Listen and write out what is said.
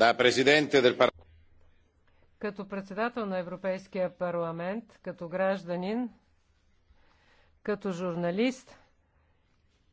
Да, Като председател на Европейския парламент, като гражданин, като журналист,